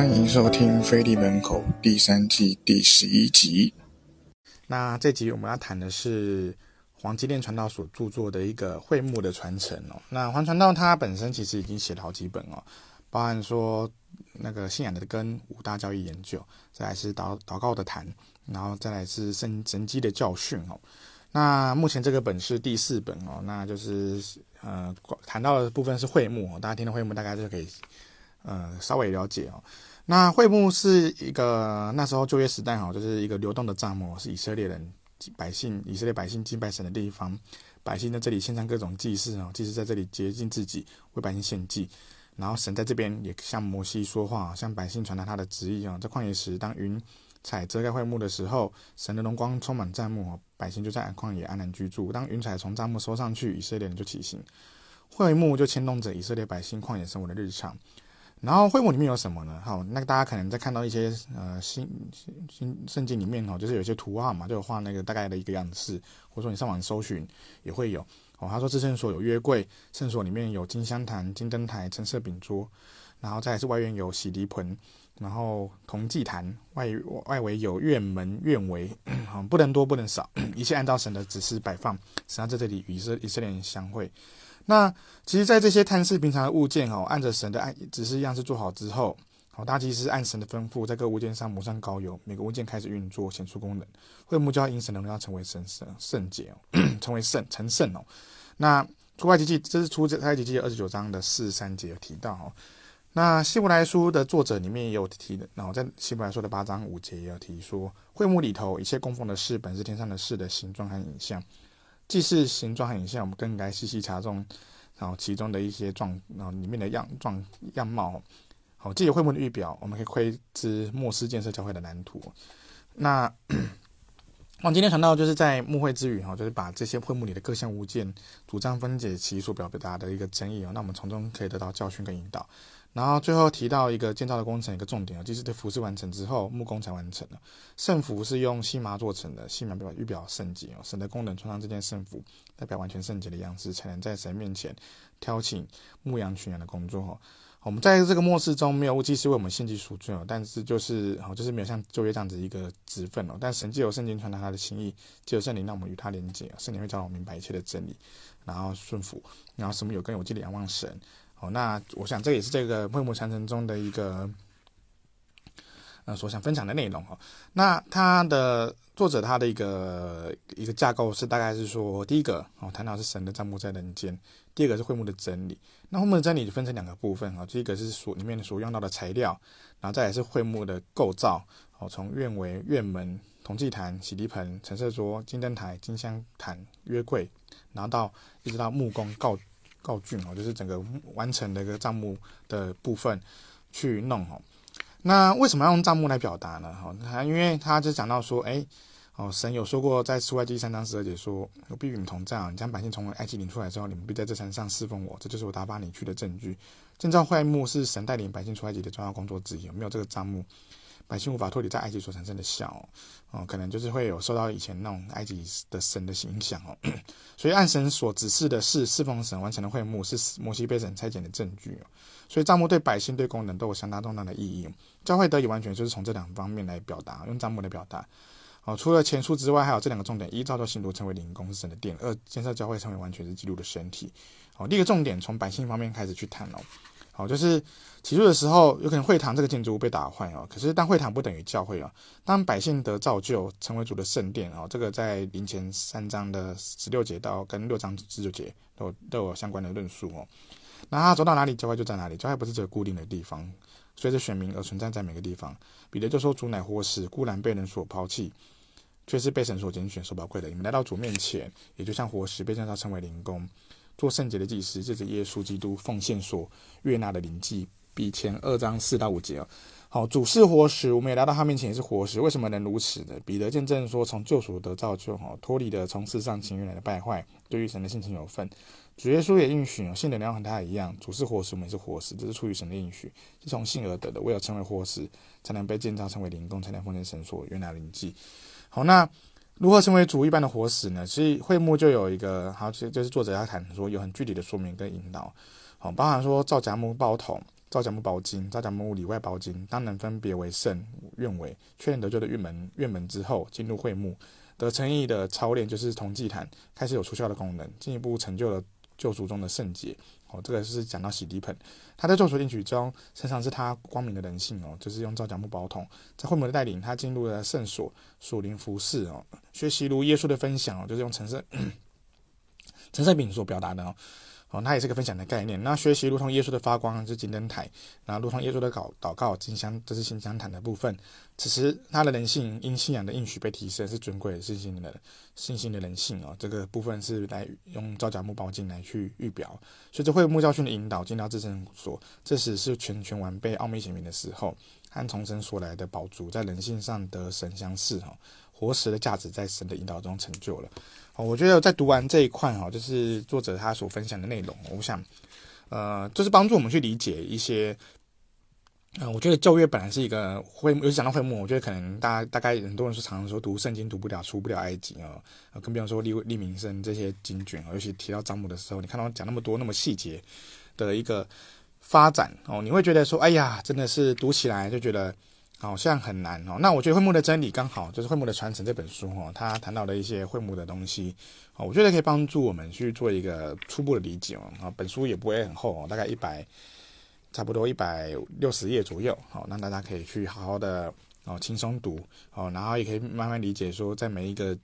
歡迎收聽《腓利門口》第三季第十一集。那這集我們要談的是黃基甸傳道所著作的一個會幕的傳承哦。那黃傳道他本身其實已經寫了好幾本哦，包含說那個信仰的根、五大教義研究，再來是禱禱告的壇，然後再來是神神蹟的教訓哦。那目前這個本是第四本哦，那就是呃談到的部分是會幕，大家聽到會幕大概就可以。呃，稍微了解哦。那會幕是一個那時候舊約時代哈，哦，就是一個流動的帳幕，是以色列人百姓，以色列百姓敬拜神的地方。百姓在這裡獻上各種祭祀啊，祭司在這裡潔淨自己，為百姓獻祭。然後神在這邊也向摩西說話，向百姓傳達他的旨意啊，哦。在曠野時，當雲彩遮蓋會幕的時候，神的榮光充滿帳幕，百姓就在曠野安然居住。當雲彩從帳幕收上去，以色列人就起行。會幕就牽動着以色列百姓曠野生活的日常。然後會幕裡面有什麼呢？好，那個、大家可能在看到一些呃新新新聖經裡面哦，就是有一些圖畫嘛，就有畫那個大概的一個樣式，或者說你上網搜尋也會有哦。他說，至聖所有約櫃，聖所裡面有金香壇、金燈台、陳設餅桌，然後再來是外院有洗滌盆，然後銅祭壇，外外圍有院門、院圍，好，不能多，不能少，一切按照神的指示擺放，使他在這裡與以色列人相會。那其實，在這些看似平常的物件哦，按着神的按，指示樣式做好之後，好、哦，大家其實是按神的吩咐，在各物件上抹上膏油，每個物件開始運作，顯出功能。會幕交印神，能不能成為神聖聖潔哦咳咳？成為聖，成聖哦？那出埃及記，這是出在出埃及記二十九章的四十三節有提到哦。那希伯來書的作者裡面也有提的，然後在希伯來書的八章五節也有提說，會幕裡頭一切供奉的事，本是天上的事的形狀和影像。既是形狀和影像，我們更應該細細查證，然後其中的一些狀，然後裡面的樣狀樣貌。好，這些會幕的預表，我們可以窺知末世建設教會的藍圖。那我們 今天談到，就是在幕會之餘，哈，就是把這些會幕裡的各項物件主張分解其所表達的一個爭議啊，那我們從中可以得到教訓跟引導。然後最後提到一個建造的工程一個重點哦，就是祭司的服飾完成之後，木工才完成的聖服是用細麻做成的，細麻表預表聖潔哦。神的工人穿上這件聖服，代表完全聖潔的樣子，才能在神面前挑起牧養群羊的工作哦。我們在這個末世中，沒有祭司是為我們獻祭贖罪哦，但是就是哦，就是沒有像舊約這樣子一個職分哦。但神藉由聖經傳達他的心意，藉由聖靈，讓我們與他連接。聖靈會教我們明白一切的真理，然後順服，然後什麼有根有基的仰望神。哦，那我想這也是這個會幕傳承中的一個，呃，所想分享的內容哦。那它的作者他的一個一個架構是大概是說，第一個哦，談、喔、到是神的帳幕在人間；第二個是會幕的整理。那會幕的整理就分成兩個部分哦、喔，第一個是所裡面所用到的材料，然後再也是會幕的構造哦，從、喔、院圍、院門、銅祭壇、洗滌盆、陳設桌、金燈台、金香壇、約櫃，然後到一直到木工告。告竣哦，就是整個完成的一個帳幕的部分去弄哦。那為什麼要用帳幕來表達呢？哦，他因為他就講到說，哎，哦，神有說過在出埃及三章十二節說，我必與你同在，你將百姓從埃及領出來之後，你們必在這山上侍奉我，這就是我打發你去的證據。建造會幕是神帶領百姓出埃及的重要工作之一，有沒有這個帳幕？百姓無法脫離在埃及所產生的像哦，哦，可能就是會有受到以前那種埃及的神的影響哦， 所以按神所指示的是侍奉神完成的會幕是摩西被神拆解的證據、哦、所以帳幕對百姓對功能都有相當重大的意義，教會得以完全就是從這兩方面來表達，用帳幕來表達哦。除了前述之外，還有這兩個重點：一、造就信徒成為靈宮是神的殿；二、建造教會成為完全是基督的身體。好、哦，第一個重點從百姓方面開始去談哦。好、哦，就是起初的時候有可能會堂這個建築物被打壞哦，可是當會堂不等於教會哦，當百姓得造就成為主的聖殿哦，這個在林前三章的十六節到跟六章十九節都有都有相關的論述哦。那他走到哪裡，教會就在哪裡，教會不是只有固定的地方，隨着選民而存在在每個地方。彼得就說，主乃活石，固然被人所拋棄，卻是被神所揀選所寶貴的。你們來到主面前，也就像活石被建造稱為靈宮做聖潔的祭司，這是耶穌基督奉獻所悅納的靈祭，彼前二章四到五節哦。好，主是活石，我們也來到他面前也是活石。為什麼能如此呢？彼得見證說，從救贖得造就哦，脫離的從世上情欲來的敗壞，對於神的性情有份。主耶穌也應許哦，信的人要和他一樣。主是活石，我們也是活石，這是出於神的應許，是從性而得的。為了成為活石，才能被建造成為靈宮，才能奉獻神所悅納的靈祭。好，那。如何成為主一般的活死呢？其實會幕就有一個，好，其實就是作者要談說有很具體的說明跟引導，哦，包含說皂莢木包銅，皂莢木包金，皂莢木裡外包金，當然分別為聖，院門，確認得救的院門，院門之後進入會幕，得稱義的操練就是銅祭壇，開始有出效的功能，進一步成就了救贖中的聖潔。哦，這個是講到洗滌盆，他在做屬靈取中，身上是他光明的人性哦，就是用皂角木包銅，在會幕的帶領，他進入了聖所，屬靈服事哦，學習如耶穌的分享哦，就是用陳設陳設餅所表達的哦。哦，那也是個分享的概念。那學習如同耶穌的發光，就是金燈台；那如同耶穌的禱禱告，金香，這是金香壇的部分。此時，他的人性因信仰的應許被提升，是尊貴信心的信心的人性哦。這個部分是來用皂莢木包金來去預表，隨着會幕教訓的引導，進到至聖所。這時是全全完備、奧祕顯明的時候，按重生所來的寶珠，在人性上得神相似，哈、哦，活時的價值在神的引導中成就了。我覺得在讀完這一塊哈，就是作者他所分享的內容，我想，呃，就是幫助我們去理解一些，嗯、呃，我覺得舊約本來是一個會，有講到會幕，我覺得可能大家大概很多人是常常說讀聖經讀不了，出不了埃及啊，跟、呃、比方說利未、民數這些經卷啊，尤其提到帳幕的時候，你看到講那麼多那麼細節的一個發展哦、呃，你會覺得說，哎呀，真的是讀起來就覺得。好像很難哦，那我覺得會幕的真理剛好就是會幕的傳承這本書哦，它談到的一些會幕的東西我覺得可以幫助我們去做一個初步的理解哦。啊，本書也不會很厚哦，大概一百差不多一百六十頁左右哦，讓大家可以去好好的哦輕鬆讀哦，然後也可以慢慢理解說在每一個。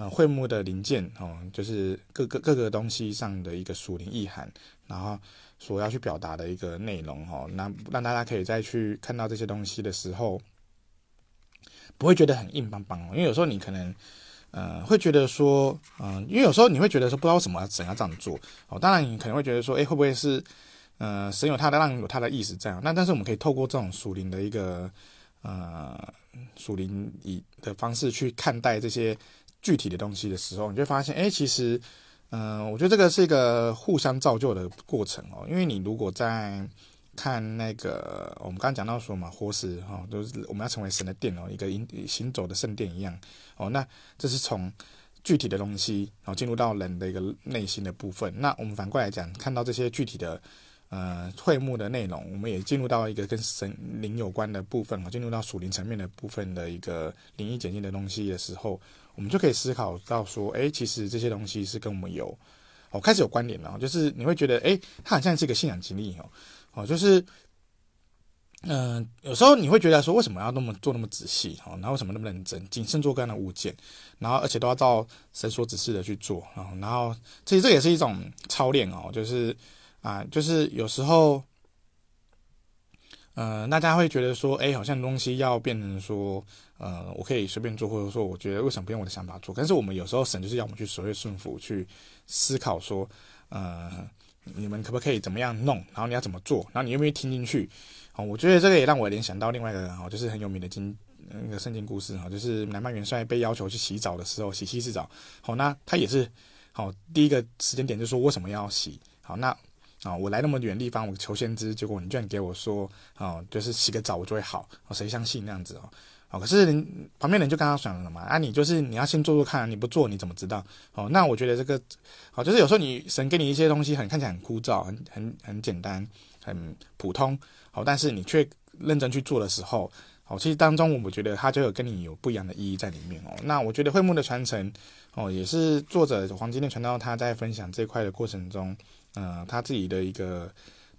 呃，會幕的零件哦，就是各個各個東西上的一個屬靈意涵，然後所要去表達的一個內容哦，那讓，讓大家可以再去看到這些東西的時候，不會覺得很硬邦邦哦。因為有時候你可能呃會覺得說，嗯、呃，因為有時候你會覺得說，不知道為什麼神要這樣做哦。當然，你可能會覺得說，哎，會不會是呃神有他的讓有他的意思這樣？那但，但是我們可以透過這種屬靈的一個呃屬靈以的方式去看待這些。具體的東西的時候，你就發現，哎，其實，嗯、呃，我覺得這個是一個互相造就的過程哦。因為你如果在看那個，我們剛剛講到說嘛，活石哦，都、哦就是我們要成為神的殿哦，一個行行走的聖殿一樣哦。那這是從具體的東西，然、哦、後進入到人的一個內心的部分。那我們反過來講，看到這些具體的嗯、呃，會幕的內容，我們也進入到一個跟神靈有關的部分哦，進入到屬靈層面的部分的一個靈意解經的東西的時候。我們就可以思考到說，哎、欸，其實這些東西是跟我們有，哦，開始有關聯了。就是你會覺得，哎、欸，它很像是一個信仰經歷哦，哦，就是，嗯、呃，有時候你會覺得說，為什麼要那麼做那麼仔細哦？然後為什麼那麼認真、謹慎做各樣的物件？然後而且都要照神所指示的去做啊、哦？然後其實這也是一種操練哦，就是啊、呃，就是有時候。嗯、呃，大家會覺得說，哎，好像東西要變成說，呃，我可以隨便做，或者說，我覺得為什麼不用我的想法做？但是我們有時候神就是要我們去所謂順服，去思考說，呃，你們可不可以怎麼樣弄？然後你要怎麼做？然後你願不願意聽進去？好、哦，我覺得這個也讓我聯想到另外一個人，哦，就是很有名的經那、嗯、個聖經故事哈、哦，就是乃縵元帥被要求去洗澡的時候，洗七次澡。好、哦，那他也是好、哦、第一個時間點就是說，為什麼要洗？好、哦，那。啊、哦，我來那麼遠地方，我求先知，結果你居然給我說，哦，就是洗個澡我就會好，誰相信那樣子哦？哦，可是旁邊人就剛剛講了嘛，啊，你就是你要先做做看、啊，你不做你怎麼知道？哦，那我覺得這個，哦，就是有時候你神給你一些東西很，很看起來很枯燥，很很很簡單，很普通，好、哦，但是你卻認真去做的時候，哦，其實當中我覺得他就有跟你有不一樣的意義在裡面哦。哦，那我覺得會幕的傳承，哦，也是作者黃基甸傳道他在分享這塊的過程中。呃，他自己的一個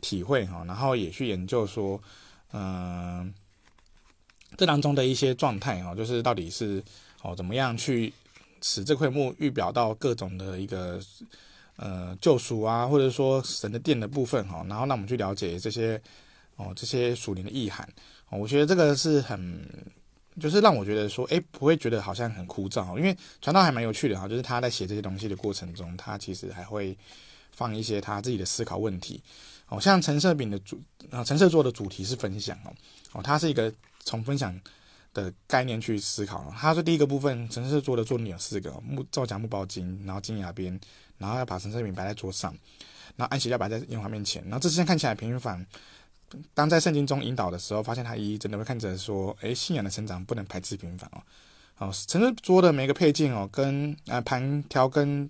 體會哈，然後也去研究說，呃，這當中的一些狀態哈、哦，就是到底是哦怎麼樣去使這塊木預表到各種的一個呃救贖啊，或者說神的殿的部分哈、哦，然後讓我們去了解這些哦這些屬靈的意涵。哦、我覺得這個是很就是讓我覺得說，哎，不會覺得好像很枯燥，因為傳道還蠻有趣的哈，就是他在寫這些東西的過程中，他其實還會。放一些他自己的思考問題，哦，像陳設餅的主，陳、呃、設桌的主題是分享哦，哦，他是一個從分享的概念去思考他、哦、說第一個部分，陳設桌的桌面有四個、哦、木皂莢木包金，然後金牙邊，然後要把陳設餅擺在桌上，然後安息日要擺在耶和華面前，然後這些看起來平凡，當在聖經中引導的時候，發現他一一真的會看着說，誒、欸，信仰的成長不能排斥平凡哦，哦，陳設桌的每個配件哦，跟啊盤條跟。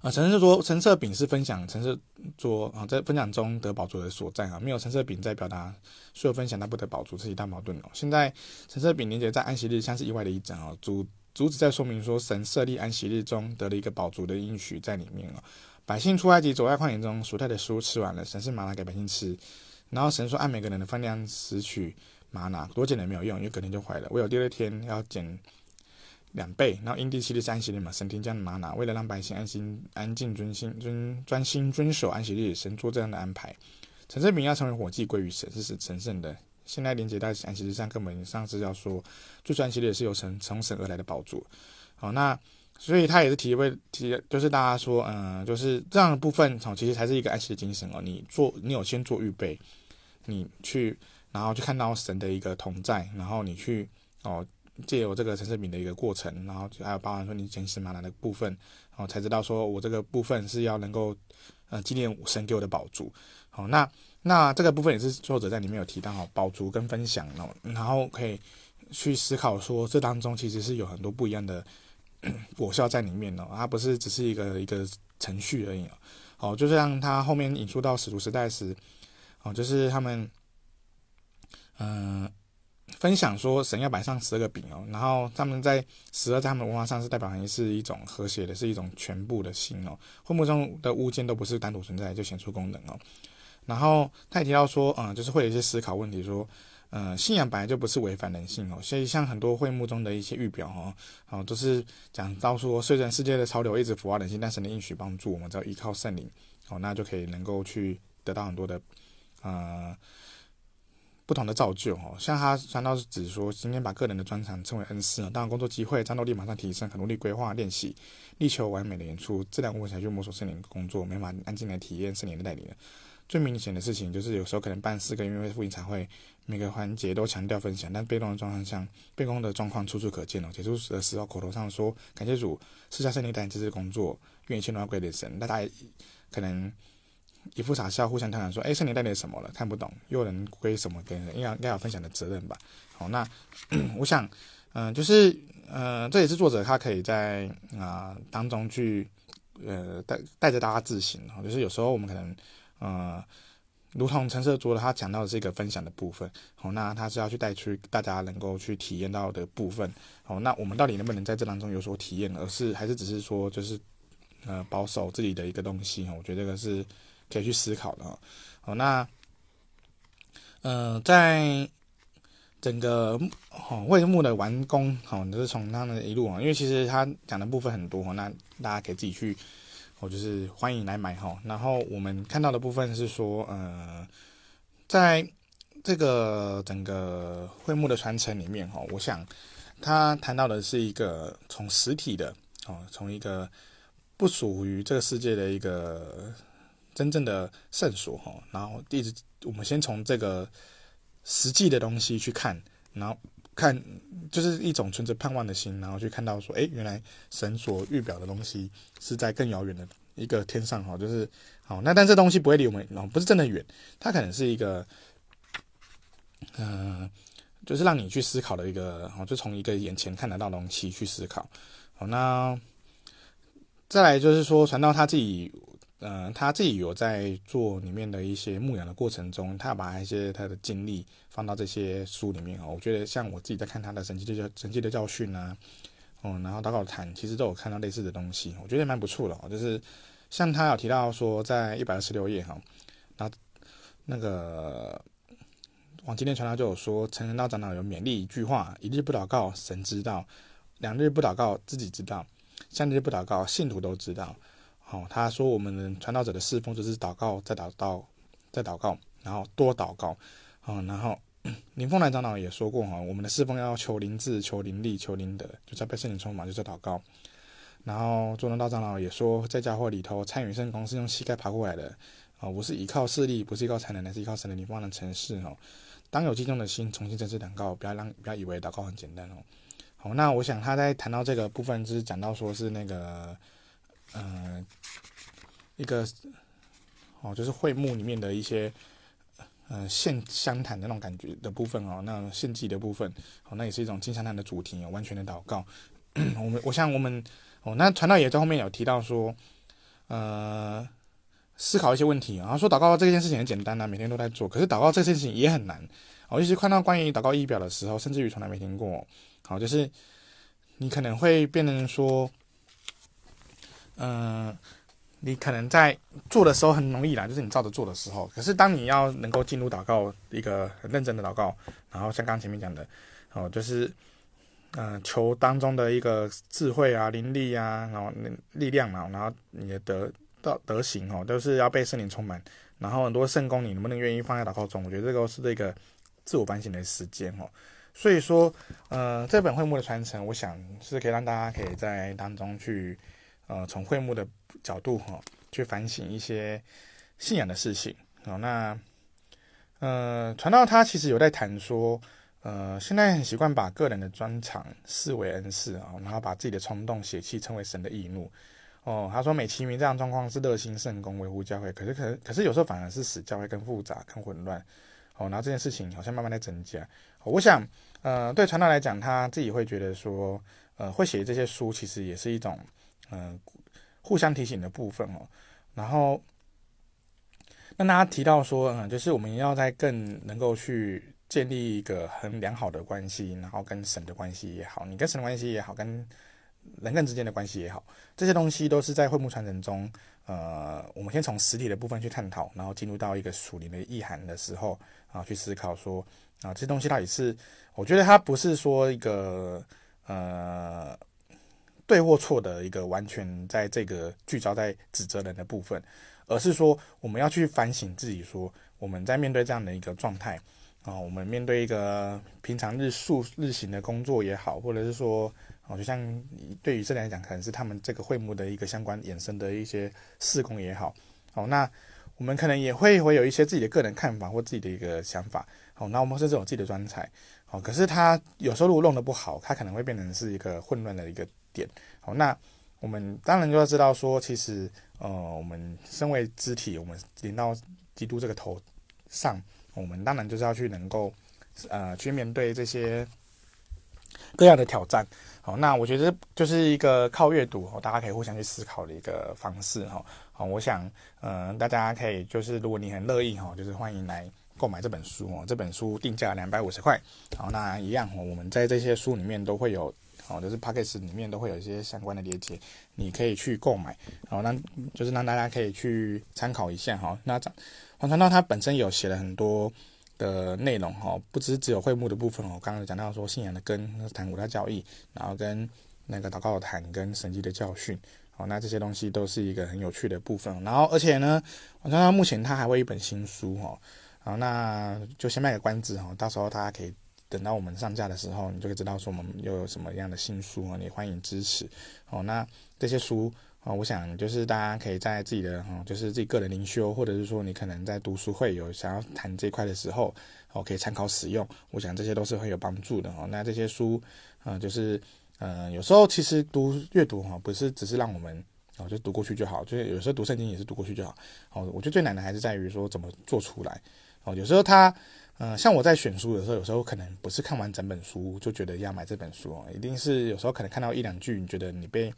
啊，陳設桌、陳設餅是分享，陳設桌啊，在分享中得飽足的所在啊，沒有陳設餅在表達所有分享，他不得飽足，這是一大矛盾哦。現在陳設餅連結在安息日，像是意外的一章哦。主主旨在說明說，神設立安息日中得了一個飽足的應許在裡面哦。百姓出埃及，走在曠野中，所帶的食物吃完了，神是嗎哪給百姓吃，然後神說按每個人的分量拾取嗎哪，多撿的沒有用，因為隔天就壞了。唯有第二天要撿。兩倍，然後陰地、七日是安息日嘛，神天降的嗎哪，為了讓百姓安心、安靜尊尊、專心、遵專心遵守安息日，日，神做這樣的安排。陳勝明要成為火祭，歸於神，是神聖的。現在連接到安息日上，根本上是要說最專心的，也是由神從神而來的寶座。好，那所以他也是提為提，就是大家說，嗯、呃，就是這樣的部分哦，其實才是一個安息的精神哦。你做，你有先做預備，你去，然後去看到神的一個同在，然後你去哦。借由這個陳設餅的一個過程，然後就還有包含說你撿拾嗎哪的部分，後、哦、才知道說我這個部分是要能夠，呃，紀念我神給我的飽足。好、哦，那那這個部分也是作者在裡面有提到哈，飽、哦、足跟分享哦，然後可以去思考說這當中其實是有很多不一樣的果效在裡面哦，它不是只是一個一個程序而已哦。就是讓他後面引述到使徒時代時，哦，就是他們，嗯、呃。分享說神要擺上十二個餅哦，然後他們在十二在他們文化上是代表是一是一種和諧的，是一種全部的心哦。會幕中的物件都不是單獨存在就顯出功能哦。然後他也提到說，嗯、呃，就是會有一些思考問題，說，嗯、呃，信仰本來就不是違反人性哦，所以像很多會幕中的一些預表哦，好、呃，都是講到說，雖然世界的潮流一直腐化人性，但是神的應許幫助我們，只要依靠聖靈哦、呃，那就可以能夠去得到很多的，呃。不同的造就哦，像他三刀是指說今天把個人的專長稱為恩賜呢，當然工作機會戰鬥力馬上提升，很努力規劃練習，力求完美的演出，這兩部分才去摸索聖靈工作，沒法安靜來體驗聖靈的帶領。最明顯的事情就是有時候可能辦事跟音樂會附營彩會每個環節都強調分享，但被動的狀況像變工的狀況處處可見哦。結束的時候口頭上說感謝主賜下聖靈帶領這次工作，願一切榮耀歸給神，那大家可能，一副傻笑，互相看看說：“哎、欸，是你帶來什麼了？看不懂，又能歸什麼？給人應該應該有分享的責任吧。”好，那我想，嗯、呃，就是，嗯、呃，這也是作者他可以在啊、呃、當中去，呃，帶帶，帶着大家自省哦。就是有時候我們可能，呃，如同陳設桌的，他講到的是一個分享的部分，好，那他是要去帶去大家能夠去體驗到的部分，好，那我們到底能不能在這當中有所體驗，而是還是只是說，就是呃，保守自己的一個東西哦？我覺得這個是。可以去思考的哈、哦。好，那，呃、在整個、哦、會幕的完工，哈、哦，就是從他們一路哈、哦，因為其實他講的部分很多、哦、那大家可以自己去，我、哦、就是歡迎來買哈、哦。然後我們看到的部分是說，嗯、呃、在這個整個會幕的傳承裡面哈、哦，我想他談到的是一個從實體的，哦，從一個不屬於這個世界的一個。真正的聖所哈，然後一直我們先從這個實際的東西去看，然後看就是一種存着盼望的心，然後去看到說，哎，原來神所預表的東西是在更遙遠的一個天上哈，就是好，那但這東西不會離我們哦，不是真的遠，它可能是一個嗯、呃，就是讓你去思考的一個，就從一個眼前看得到的東西去思考。好，那再來就是說傳道他自己。嗯，他自己有在做裡面的一些牧養的過程中，他把一些他的經歷放到這些書裡面啊。我覺得像我自己在看他的，神奇的教《神奇的教神奇的教訓》啊，哦、嗯，然後《禱告壇》其實都有看到類似的東西，我覺得也蠻不錯的。就是像他有提到說在，在一百二十六頁哈，那那個往今天傳道就有說，成人道長老有勉勵一句話：一日不禱告，神知道；兩日不禱告，自己知道；三日不禱告，信徒都知道。哦，他說我們的傳道者的侍奉就是禱告，再禱告，再禱告,告,告，然後多禱告。哦，然後林鳳蘭長老也說過，哦，我們的侍奉要求靈智、求靈力、求靈德，就在、是、被聖靈充滿，就在、是、禱告。然後中農大長老也說，在教會裡頭，參與聖工是用膝蓋爬過來的。哦，我是依靠勢力，不是依靠才能，而是依靠神的靈方能成事。哦，當有激動的心，重新真實禱告，不要讓不要以為禱告很簡單。哦，好，那我想他在談到這個部分，就是講到說是那個。呃，一個哦，就是會幕裡面的一些呃獻香壇的那種感覺的部分哦，那種獻祭的部分哦，那也是一種金香壇的主題哦，完全的禱告。 我們我像我們哦，那傳道也在後面有提到說，呃，思考一些問題，然、啊、後說禱告這件事情很簡單啊，每天都在做，可是禱告這件事情也很難。我一直看到關於禱告儀表的時候，甚至於從來沒聽過。好、哦，就是你可能會變成說。嗯、呃，你可能在做的時候很容易啦，就是你照着做的時候。可是當你要能夠進入禱告，一個很認真的禱告，然後像剛前面講的哦，就是嗯、呃，求當中的一個智慧啊、靈力啊，然後力量嘛，然後你的德德行哦，都、就是要被聖靈充滿。然後很多聖工，你能不能願意放在禱告中？我覺得這個是這個自我反省的時間哦。所以說，嗯、呃，這本會幕的傳承，我想是可以讓大家可以在當中去。呃，從會幕的角度哈、喔，去反省一些信仰的事情啊、喔。那呃，傳道他其實有在談說，呃，現在很習慣把個人的專長視為恩賜啊、喔，然後把自己的衝動血氣稱為神的義怒。哦、喔，他說美其名這樣狀況是熱心聖工維護教會，可是可可是有時候反而是使教會更複雜更混亂。哦、喔，然後這件事情好像慢慢在增加。喔、我想，呃，對傳道來講，他自己會覺得說，呃，會寫這些書其實也是一種。嗯、呃，互相提醒的部分哦，然後那大家提到說，嗯、呃，就是我們要再更能夠去建立一個很良好的關係，然後跟神的關係也好，你跟神的關係也好，跟人跟之間的關係也好，這些東西都是在會幕傳承中，呃，我們先從實體的部分去探討，然後進入到一個屬靈的意涵的時候啊，然後去思考說啊、呃，這些東西到底是，我覺得它不是說一個呃。對或錯的一個完全在這個聚焦在指責人的部分，而是說我們要去反省自己，說我們在面對這樣的一個狀態啊，我們面對一個平常日數日行的工作也好，或者是說哦，就像對於這來講，可能是他們這個會幕的一個相關衍生的一些事工也好，哦，那我們可能也會會有一些自己的個人看法或自己的一個想法，好，那我們是這種自己的專才，哦，可是他有時候如果弄得不好，他可能會變成是一個混亂的一個。點好，那我們當然就要知道說，其實呃，我們身為肢體，我們領到基督這個頭上，我們當然就是要去能夠呃去面對這些各樣的挑戰。好，那我覺得就是一個靠閱讀，大家可以互相去思考的一個方式哈。好，我想嗯、呃，大家可以就是如果你很樂意哈，就是歡迎來購買這本書哦。這本書定價兩百五十塊。好，那一樣，我們在這些書裡面都會有。哦，就是 Podcast 裡面都會有一些相關的鏈接，你可以去購買。然後呢，就是讓大家可以去參考一下哈、哦。那這黃傳道他本身有寫了很多的內容哈、哦，不只只有會幕的部分哦。剛剛講到說信仰的根、談古代教義，然後跟那個禱告的壇跟神蹟的教訓。哦，那這些東西都是一個很有趣的部分。哦、然後而且呢，黃傳道目前他還會一本新書哦。然後、哦、那就先賣個關子哦，到時候大家可以。等到我們上架的時候，你就會知道說我們又有什麼樣的新書啊！你歡迎支持哦。那這些書啊，我想就是大家可以在自己的，就是自己個人靈修，或者是說你可能在讀書會有想要談這一塊的時候，哦，可以參考使用。我想這些都是很有幫助的哦。那這些書，啊，就是嗯、呃，有時候其實讀閱讀哈，不是只是讓我們哦就讀過去就好，就是有時候讀聖經也是讀過去就好。哦，我覺得最難的還是在於說怎麼做出來。哦，有時候他。嗯、呃，像我在選書的時候，有時候可能不是看完整本書就覺得要買這本書，一定是有時候可能看到一兩句，你覺得你被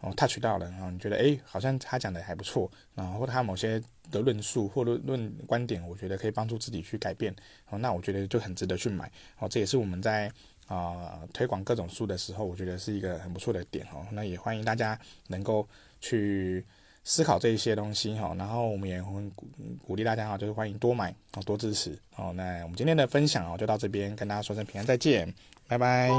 哦 touch 到了，然、哦、後你覺得哎、欸，好像他講的還不錯，然、哦、後或他某些的論述或論論觀點，我覺得可以幫助自己去改變，哦，那我覺得就很值得去買，哦，這也是我們在啊、呃、推廣各種書的時候，我覺得是一個很不錯的點哦，那也歡迎大家能夠去。思考這一些東西哈，然後我們也很鼓鼓勵大家哈，就是歡迎多買，多支持。那我們今天的分享就到這邊，跟大家說聲平安再見，拜拜。